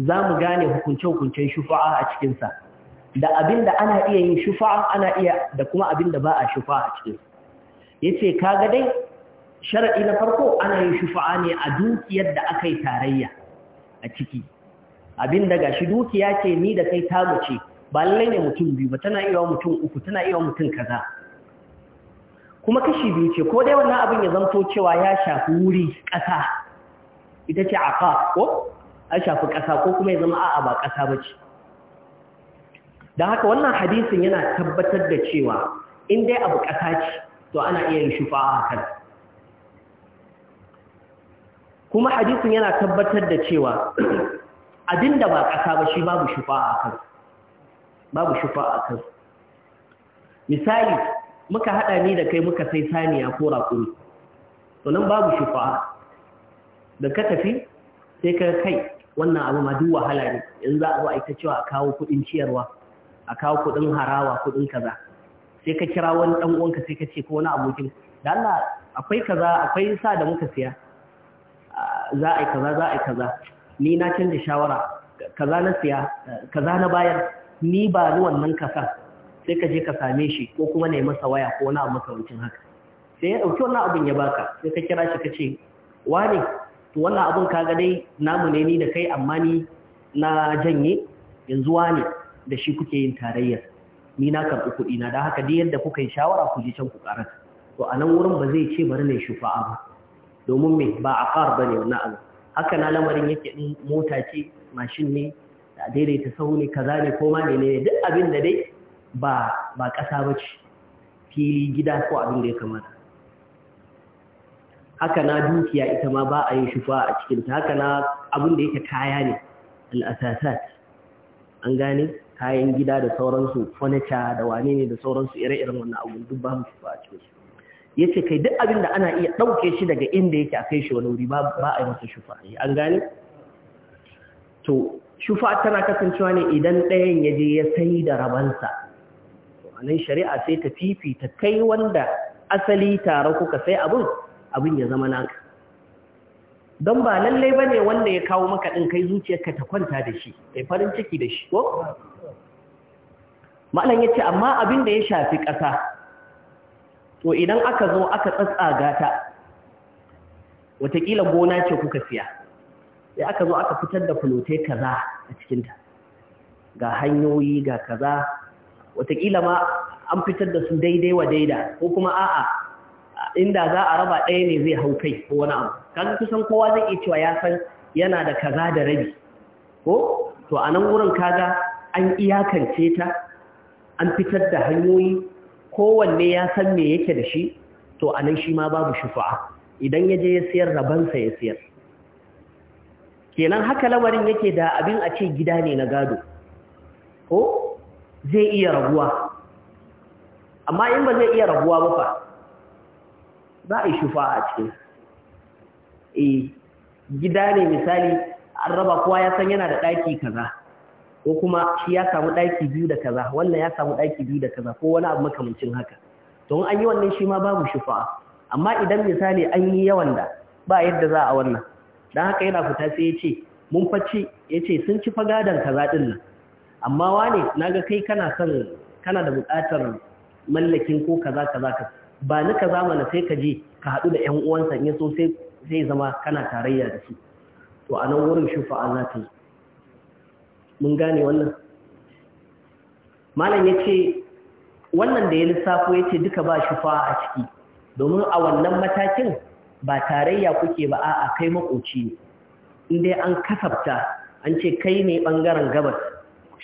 za mu gane hukunce-hukuncen shufa'a a cikinsa da abin da ana iya yin shufa'a ana iya da kuma abin da ba a shufa'a cikin yace kaga dai Sharaɗi na farko ana yin shufa'a ne a dukiyar da aka yi tarayya a ciki abin da gashi dukiya ce ni da kai ta ce ba lallai ne mutum biyu ba tana iya mutum uku tana iya mutum kaza kuma kashi biyu ce ko dai wannan abin ya zanto cewa ya shafi wuri ƙasa ita ce aqa ko a shafi ƙasa ko kuma ya zama a'a ba ƙasa ce. don haka wannan hadisin yana tabbatar da cewa in dai abu ƙasa ce to ana iya yin shufa a kan kuma hadisin yana tabbatar da cewa abin da ba ƙasa ba shi babu shufa a kan babu shufa a kan misali muka haɗa ni da kai muka sai saniya ko raƙuri to nan babu shufa da ka tafi sai ka kai wannan abu ma duk wahala ne in za a zo a ita cewa a kawo kuɗin ciyarwa a kawo kuɗin harawa kuɗin kaza sai ka kira wani ɗan uwanka sai ka ce ko wani abokin da Allah akwai kaza akwai sa da muka siya za a yi kaza za a yi kaza ni na canza shawara kaza na siya kaza na bayar ni ba ni wannan kasan sai ka je ka same shi ko kuma ne masa waya ko wani abu makamancin haka sai ya dauki wannan abin ya baka sai ka kira shi ka ce ne to wannan abin ga dai namu ne ni da kai amma ni na janye yanzu ne. da shi kuke yin tarayyar ni na karɓi kuɗi na da haka yadda kuka yi shawara ku je can ku karanta to a nan wurin ba zai ce bari ne shufa ba domin me ba a far bane wannan abu haka na lamarin yake in mota ce mashin ne da daidaita sahu ne kaza ne ko ma ne duk abin da dai ba ba ƙasa ba ce fili gida ko abin da ya kamata haka na dukiya ita ma ba a yi shufa a cikinta haka na abin da yake kaya ne al'asasat an gane kayan gida da sauransu furniture da wane ne da sauransu ire-iren wannan abu duk babu shi ba a cikin su ce kai duk abin da ana iya ɗauke shi daga inda yake a kai shi wani wuri ba a yi masa shufa. yi an gane to shufa tana kasancewa ne idan ɗayan ya je ya sai da rabansa anan shari'a sai ta fifita kai wanda asali tare kuka sai abin abin ya zama naka don ba lallai ne wanda ya kawo maka ɗin kai zuciyarka ta kwanta da shi kai farin ciki da shi ko malam ce, amma abin da ya shafi ƙasa to idan aka zo aka tsatsaga ta watakila gona ce kuka siya sai aka zo aka fitar da fulote kaza a cikinta ga hanyoyi ga kaza watakila ma an fitar da su daidai wa daida ko kuma a'a inda za a raba ɗaya ne zai hau kai ko wani abu kaga kusan kowa zai iya cewa ya san yana da kaza da rabi ko to a nan wurin kaga an iyakance ta an fitar da hanyoyi kowanne ya san me yake da shi to a nan shi ma babu shufa'a idan ya je ya siyar rabansa ya siyar kenan haka lamarin yake da abin a ce gida ne na gado ko zai iya raguwa amma in ba zai iya raguwa ba fa za a yi shufa a cikin eh gida ne misali an raba kowa ya san yana da ɗaki kaza ko kuma shi ya samu ɗaki biyu da kaza wannan ya samu ɗaki biyu da kaza ko wani abu makamancin haka to an yi wannan shi ma babu shufa'a amma idan misali an yi yawan da ba yadda za a wannan dan haka yana fita sai ya ce mun facce ya ce sun ci fagadan kaza ɗin nan amma wane naga kai kana son kana da buƙatar mallakin ko kaza kaza ka ba ni kaza mana sai ka je ka haɗu da 'yan uwansa in so sai zama kana tarayya da su to a nan wurin shufa'a za ta yi mun gane wannan malam ya ce wannan da ya lissafo ya ce duka ba shi fa a ciki domin a wannan matakin ba tarayya kuke ba a kai makoci ne inda an kasafta an ce kai ne bangaren gabas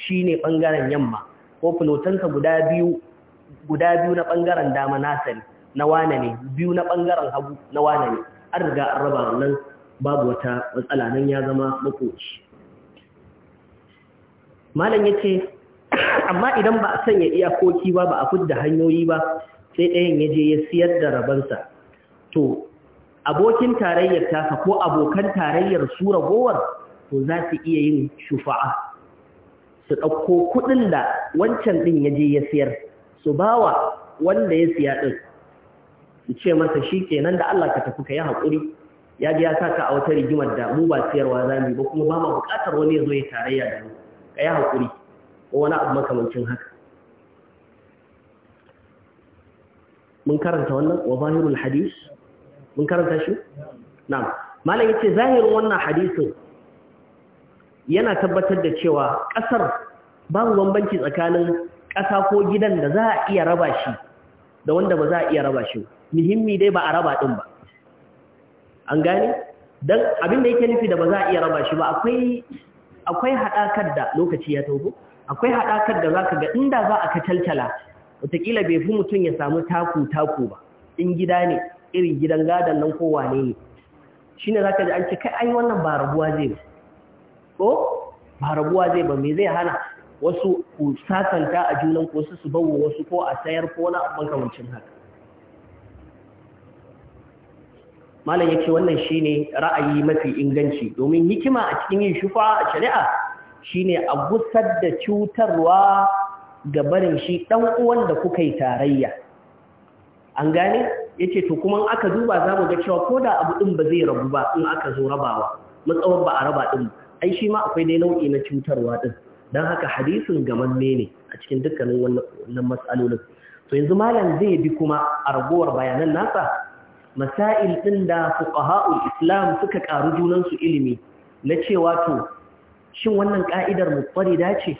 shi ne bangaren yamma ko filotanka guda biyu guda na bangaren dama nasa ne na wane ne biyu na bangaren hagu na wane ne an riga an raba wannan babu wata matsala nan ya zama makoci malam ya ce amma idan ba a sanya iyakoki ba ba a fudda hanyoyi ba sai ɗayan ya je ya siyar da rabansa to abokin tarayyar tasa ko abokan tarayyar su ragowar to za su iya yin shufa'a su ɗauko kuɗin da wancan ɗin ya je ya siyar su bawa wanda ya siya ɗin su ce masa shi kenan da Allah ka tafi ka yi haƙuri ya ji ya saka a wata rigimar da mu ba siyarwa za mu ba kuma ba mu buƙatar wani ya zo ya tarayya da mu ka yi haƙuri ko wani abu makamancin haka mun karanta wannan wa zahirul hadis mun karanta shi na'am malam yace zahirin wannan hadisin yana tabbatar da cewa kasar babu bambanci tsakanin ƙasa ko gidan da za a iya raba shi da wanda ba za a iya raba shi muhimmi dai ba a raba din ba an gane dan abin da yake nufi da ba za a iya raba shi ba akwai akwai haɗakar da lokaci ya tauko akwai haɗakar da za ka ga inda za a kacalcala watakila bai fi mutum ya samu taku taku ba in gida ne irin gidan gadon nan ko wane ne za ka ji an ce kai ai wannan ba rabuwa zai ba ko ba rabuwa zai ba me zai hana wasu ku sasanta a junan ko su bawo wasu ko a sayar ko na abin kamancin haka malam ya ce wannan shine ra'ayi mafi inganci domin hikima a cikin yin shufa a shari'a shine a gusar da cutarwa ga barin shi dan uwan da kuka yi tarayya an gane yace to kuma aka duba za mu ga cewa ko da abu din ba zai rabu ba in aka zo rabawa matsawar ba a raba din ai shi ma akwai dai nau'i na cutarwa din dan haka hadisin gaman ne a cikin dukkanin wannan matsalolin to yanzu malam zai bi kuma a raguwar bayanan nasa masail ɗin da fuqaha'ul islam suka ƙaru junansu ilimi na cewa to shin wannan ƙa'idar da ce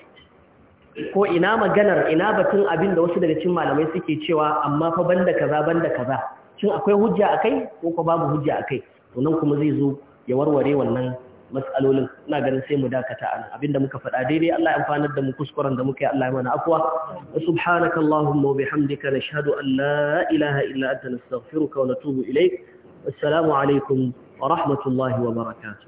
ko ina maganar ina batun abin da wasu daga cikin malamai suke cewa amma fa banda kaza banda kaza shin akwai hujja akai ko ko babu hujja akai to nan kuma zai zo ya warware wannan matsalolin na ganin sai mu dakata anan abinda muka faɗa daidai Allah ya amfanar da mu kuskuren da muka yi Allah ya mana afwa subhanaka allahumma wa bihamdika nashhadu an la ilaha illa anta nastaghfiruka wa natubu ilaik assalamu alaikum wa rahmatullahi wa barakatuh